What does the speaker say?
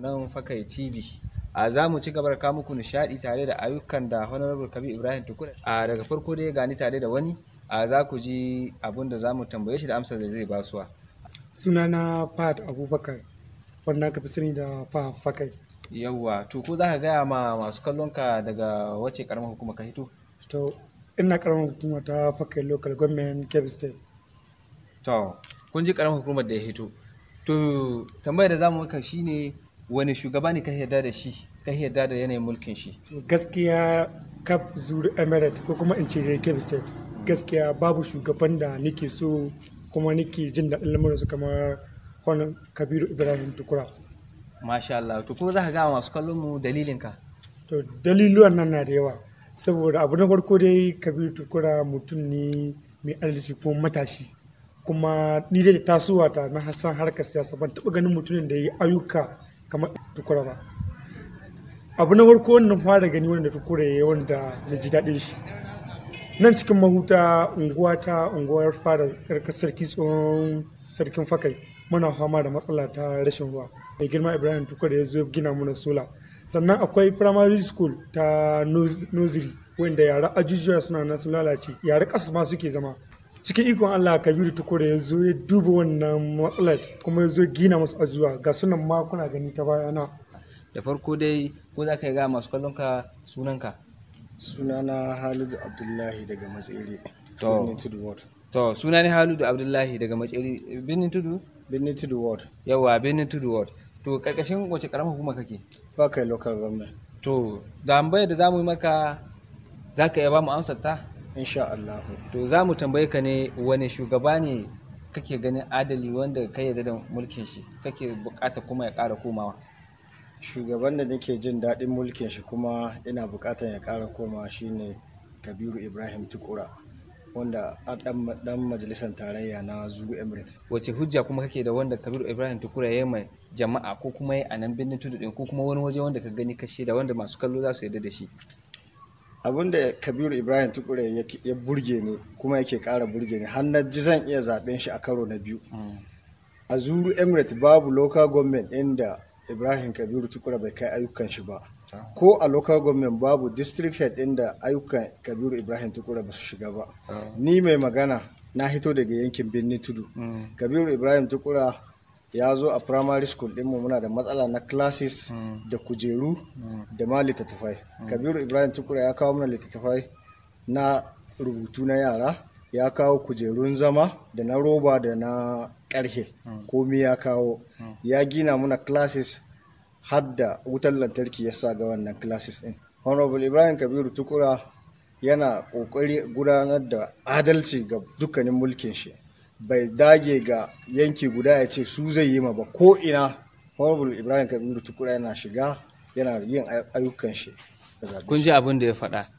nan Fakai TV. A za mu ci gaba da kawo muku nishaɗi tare da ayyukan da Honorable kabi Ibrahim tukur A daga farko dai gani tare da wani a za ku ji abin da za mu tambaye shi da amsar da zai basuwa. Suna na fat Abubakar wannan ka fi sani da fa Fakai. Yawwa to ko za ka gaya ma masu kallon ka daga wace karamar hukuma ka hito? To ina karamar hukuma ta Fakai Local Government Kebbi State. To kun ji karamar hukumar da ya hito. To tambayar da za mu maka shine wani shugaba ne ka yarda da shi ka yarda da yanayin mulkin shi gaskiya cap zuru emirate ko kuma in ce cape state gaskiya babu shugaban da nake so kuma nake jin daɗin lamarin su kamar honon kabiru ibrahim tukura masha Allah to kuma za ka gama masu kallon mu dalilin ka to daliluwan nan na da yawa saboda abu na farko dai kabiru tukura mutum ne mai arziki ko matashi kuma ni da tasowa ta na hassan harkar siyasa ban taɓa ganin mutumin da ya yi ayyuka kamar tukura ba abu na farko wanda fara gani wanda tukura ya wanda na ji daɗin shi nan cikin mahuta unguwa ta unguwar fara karka sarki tsohon sarkin fakai muna fama da matsala ta rashin ruwa mai girma ibrahim tukura ya zo gina mana sola sannan akwai primary school ta nursery wanda yara ajujuwa suna nasu lalace yara ƙasa ma suke zama cikin ikon Allah Kabiru kore ya zo ya duba wannan matsalar kuma ya zo gina masu ajuwa ga sunan ma kuna gani ta bayana da farko dai ko za ka yi ga masu kallon ka sunan ka sunana Halidu Abdullahi daga Matsiri to to sunana Halidu Abdullahi daga Matsiri Birnin Tudu Birnin Tudu Ward yawa Birnin Tudu Ward to karkashin wace karamar hukuma kake Fakai local government to da da zamu yi maka zaka iya ba mu amsar ta insha Allah to za mu tambaye ka ne wani shugaba ne kake ganin adali wanda ka yarda da mulkin shi kake bukata kuma ya ƙara komawa shugaban da nake jin daɗin mulkin shi kuma ina bukatar ya ƙara komawa shine kabiru ibrahim tukura wanda a dan majalisar tarayya na zuru emirates wace hujja kuma kake da wanda kabiru ibrahim tukura ya mai jama'a ko kuma ya a nan birnin tudu ko kuma wani waje wanda ka gani ka da wanda masu kallo za su yarda da shi abin da kabiru ibrahim tukure ya burge ni kuma yake kara burge ni har na ji zan iya zaben shi a karo na biyu hmm. a zuru emirate babu local government inda ibrahim kabiru tukura bai kai ayyukan shi ba hmm. ko a local government babu district head inda ayyukan kabiru ibrahim tukura ba su shiga ba hmm. ni mai magana na hito daga yankin birnin tudu kabiru ibrahim tukura ya zo a primary school mu muna da matsala na classes hmm. da kujeru hmm. da ma littattafai hmm. kabiru ibrahim tukura ya kawo mana littattafai na rubutu na yara ya kawo kujerun zama da na roba da na karhe komi ya kawo ya gina muna classes har da wutar lantarki ya sa ga wannan classes din honorable ibrahim kabiru tukura yana ƙoƙari gudanar da adalci ga dukkanin mulkin shi bai dage ga yanki guda ya ce su zai yi ma ba ko ina honorable ibrahim kabiru tukura yana shiga yana yin ayyukan shi kun ji abin da ya faɗa